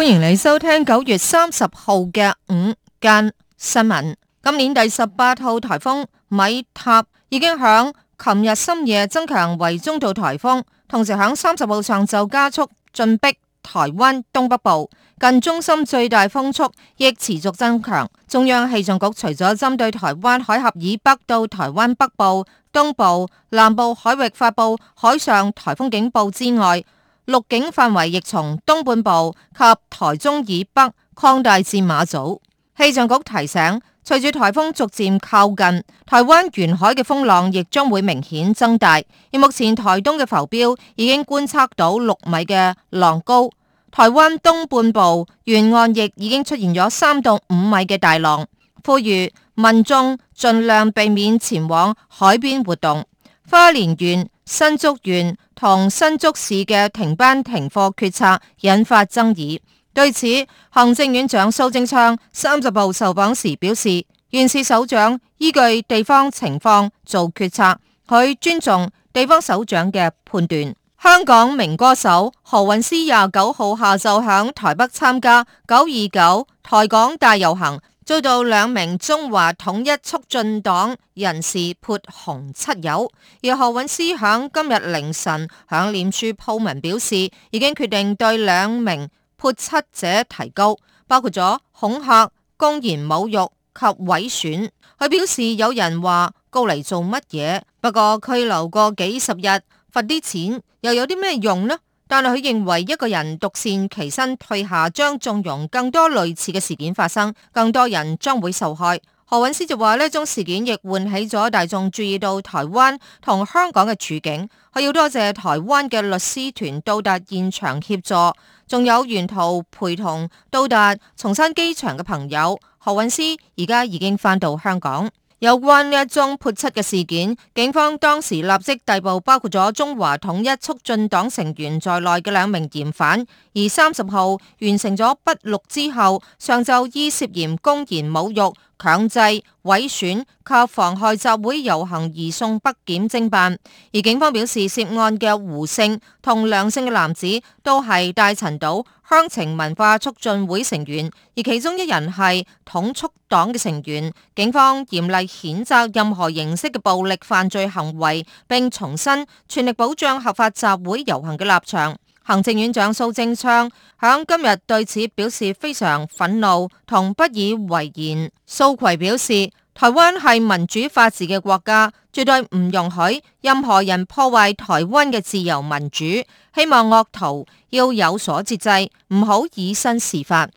歡迎你收聽九月三十號嘅午間新聞。今年第十八號台風米塔已經響琴日深夜增強為中度台風，同時響三十號上晝加速進逼台灣東北部，近中心最大風速亦持續增強。中央氣象局除咗針對台灣海峽以北到台灣北部、東部、南部海域發佈海上台風警報之外，陸警範圍亦從東半部及台中以北擴大至馬祖。氣象局提醒，隨住台風逐漸靠近，台灣沿海嘅風浪亦將會明顯增大。而目前台東嘅浮標已經觀測到六米嘅浪高，台灣東半部沿岸亦已經出現咗三到五米嘅大浪。呼籲民眾盡量避免前往海邊活動。花蓮縣新竹縣同新竹市嘅停班停課決策引發爭議，對此行政院長蘇貞昌三十號受訪時表示，縣市首長依據地方情況做決策，佢尊重地方首長嘅判斷。香港名歌手何韻詩廿九號下晝響台北參加九二九台港大遊行。遭到兩名中華統一促進黨人士潑紅漆油，而何韻詩響今日凌晨響臉書鋪文表示，已經決定對兩名潑漆者提告，包括咗恐嚇、公然侮辱及毀損。佢表示有人話告嚟做乜嘢？不過拘留個幾十日，罰啲錢又有啲咩用呢？但係佢認為一個人獨善其身退下，將縱容更多類似嘅事件發生，更多人將會受害。何韻詩就話呢種事件亦喚起咗大眾注意到台灣同香港嘅處境。佢要多謝台灣嘅律師團到達現場協助，仲有沿途陪同到達松山機場嘅朋友。何韻詩而家已經返到香港。有關呢一宗潑漆嘅事件，警方當時立即逮捕包括咗中華統一促進黨成員在內嘅兩名嫌犯，而三十號完成咗筆錄之後，上晝依涉嫌公然侮辱，強制毀損及妨害集會遊行移送北檢偵辦，而警方表示，涉案嘅胡姓同梁姓嘅男子都係大陳島鄉情文化促進會成員，而其中一人係統促黨嘅成員。警方嚴厲譴責任何形式嘅暴力犯罪行為，並重申全力保障合法集會遊行嘅立場。行政院長蘇貞昌響今日對此表示非常憤怒同不以為然。蘇揆表示，台灣係民主法治嘅國家，絕對唔容許任何人破壞台灣嘅自由民主。希望惡徒要有所節制，唔好以身試法。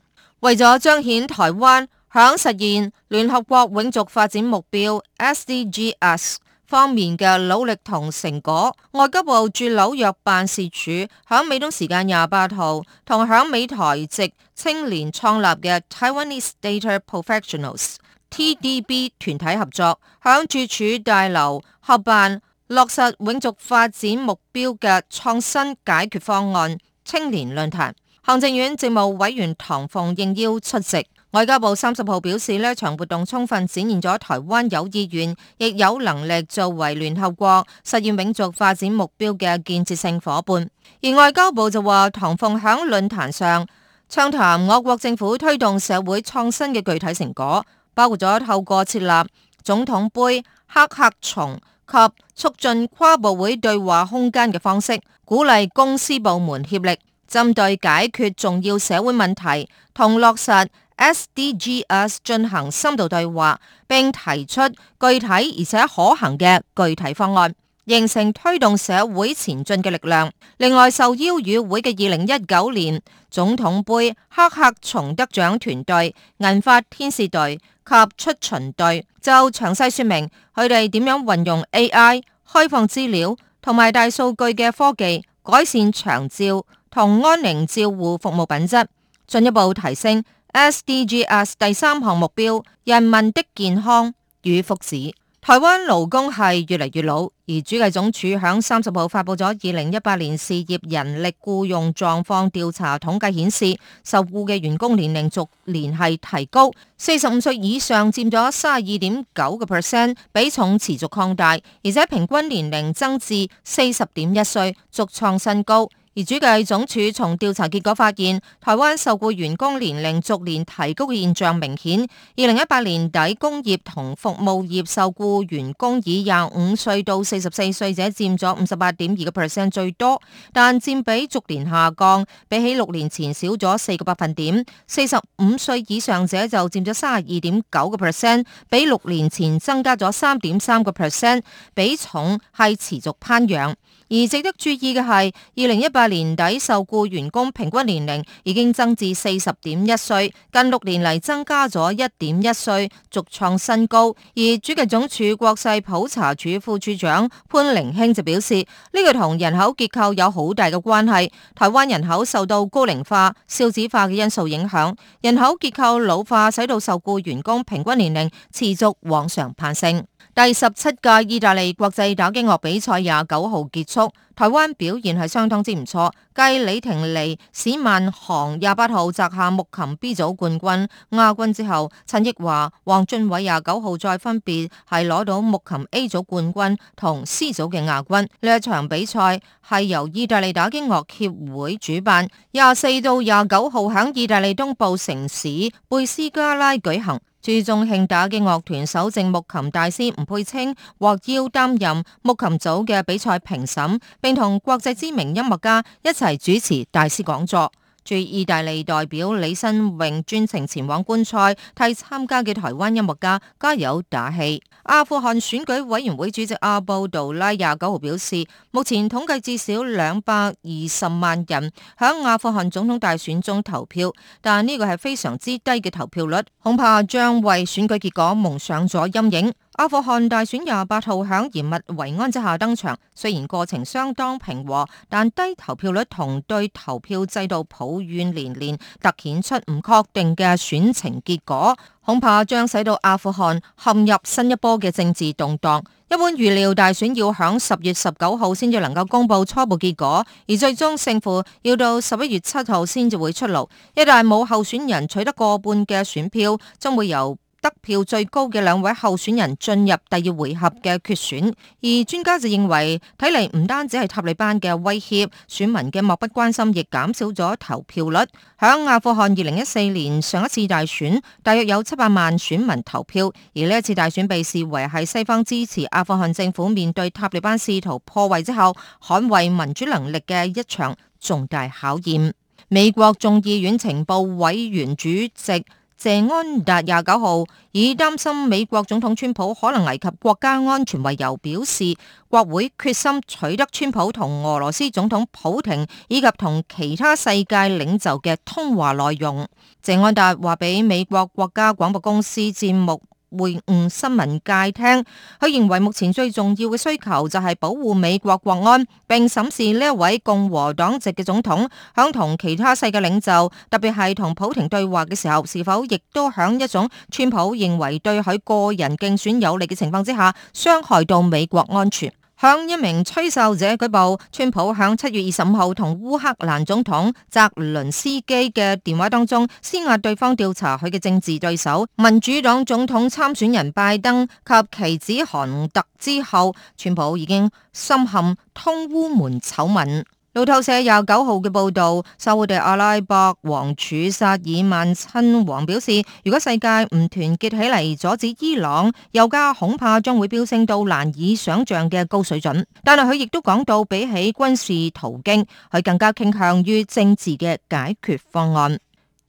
為咗彰顯台灣響實現聯合國永續發展目標 SDGs，方面嘅努力同成果，外交部駐紐約辦事處響美東時間廿八號同響美台籍青年創立嘅 Taiwanese Data Professionals（TDB） 團體合作，響駐處大樓合辦落實永續發展目標嘅創新解決方案青年論壇，行政院政務委員唐鳳應邀出席。外交部三十號表示，呢場活動充分展現咗台灣有意願，亦有能力作為聯合國實現永續發展目標嘅建設性夥伴。而外交部就話，唐鳳響論壇上暢談我國政府推動社會創新嘅具體成果，包括咗透過設立總統杯、黑客松及促進跨部會對話空間嘅方式，鼓勵公私部門協力，針對解決重要社會問題同落實 SDGs 進行深度對話，並提出具體而且可行嘅具體方案，形成推動社會前進嘅力量。另外，受邀與會嘅二零一九年總統杯黑客松得獎團隊銀髮天使隊及出巡隊，就詳細說明佢哋點樣運用 AI、開放資料同埋大數據嘅科技，改善長照同安寧照護服務品質，進一步提升。SDGs 第三項目標：人民的健康與福祉。台灣勞工係越嚟越老，而主計總署響三十號發布咗二零一八年事業人力雇用狀況調查統計顯示，受雇嘅員工年齡逐年係提高，四十五歲以上占咗三十二點九個 percent 比重，持續擴大，而且平均年齡增至四十點一歲，續創新高。而主計總處從調查結果發現，台灣受雇員工年齡逐年提高嘅現象明顯。二零一八年底，工業同服務業受雇員工以廿五歲到四十四歲者佔咗五十八點二個 percent 最多，但占比逐年下降，比起六年前少咗四個百分點。四十五歲以上者就佔咗三十二點九個 percent，比六年前增加咗三點三個 percent，比重係持續攀揚。而值得注意嘅係，二零一八。年底受雇員工平均年齡已經增至四十點一歲，近六年嚟增加咗一點一歲，續創新高。而主計總處國勢普查處副處長潘凌興就表示，呢個同人口結構有好大嘅關係。台灣人口受到高齡化、少子化嘅因素影響，人口結構老化，使到受雇員工平均年齡持續往上攀升。第十七屆意大利國際打擊樂比賽廿九號結束。台灣表現係相當之唔錯，繼李廷利、史萬航廿八號摘下木琴 B 組冠軍、亞軍之後，陳奕華、黃俊偉廿九號再分別係攞到木琴 A 組冠軍同 C 組嘅亞軍。呢一場比賽係由意大利打擊樂協會主辦，廿四到廿九號喺意大利東部城市貝斯加拉舉行。朱重慶打擊樂團首席木琴大師吳佩清獲邀擔任木琴組嘅比賽評審，並同國際知名音樂家一齊主持大師講座。駐意大利代表李新榮專程前往觀賽，替參加嘅台灣音樂家加油打氣。阿富汗選舉委員會主席阿布杜拉廿九號表示，目前統計至少兩百二十萬人響阿富汗總統大選中投票，但呢個係非常之低嘅投票率，恐怕將為選舉結果蒙上咗陰影。阿富汗大選廿八號響嚴密維安之下登場，雖然過程相當平和，但低投票率同對投票制度抱怨連連，突顯出唔確定嘅選情結果，恐怕將使到阿富汗陷入新一波嘅政治動盪。一般預料大選要響十月十九號先至能夠公布初步結果，而最終勝負要到十一月七號先至會出爐。一旦冇候選人取得過半嘅選票，將會由得票最高嘅兩位候選人進入第二回合嘅決選，而專家就認為，睇嚟唔單止係塔利班嘅威脅，選民嘅漠不關心亦減少咗投票率。響阿富汗二零一四年上一次大選，大約有七百萬選民投票，而呢一次大選被視為係西方支持阿富汗政府面對塔利班試圖破壞之後，捍衛民主能力嘅一場重大考驗。美國眾議院情報委員主席。謝安達廿九號以擔心美國總統川普可能危及國家安全為由，表示國會決心取得川普同俄羅斯總統普廷，以及同其他世界領袖嘅通話內容。謝安達話俾美國國家廣播公司節目。會晤新聞界聽，佢認為目前最重要嘅需求就係保護美國國安，並審視呢一位共和黨籍嘅總統，響同其他世界領袖，特別係同普廷對話嘅時候，是否亦都響一種川普認為對佢個人競選有利嘅情況之下，傷害到美國安全。向一名吹哨者舉報，川普喺七月二十五號同烏克蘭總統澤倫斯基嘅電話當中施壓對方調查佢嘅政治對手，民主黨總統參選人拜登及其子韓特之後，川普已經深陷通烏門醜聞。路透社廿九號嘅報道，沙烏地阿拉伯王儲薩爾曼親王表示，如果世界唔團結起嚟阻止伊朗，油價恐怕將會飆升到難以想象嘅高水準。但係佢亦都講到，比起軍事途徑，佢更加傾向於政治嘅解決方案。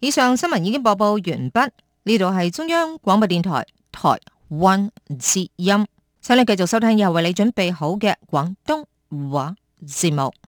以上新聞已經播報完畢，呢度係中央廣播電台台灣之音，請你繼續收聽以後為你準備好嘅廣東話節目。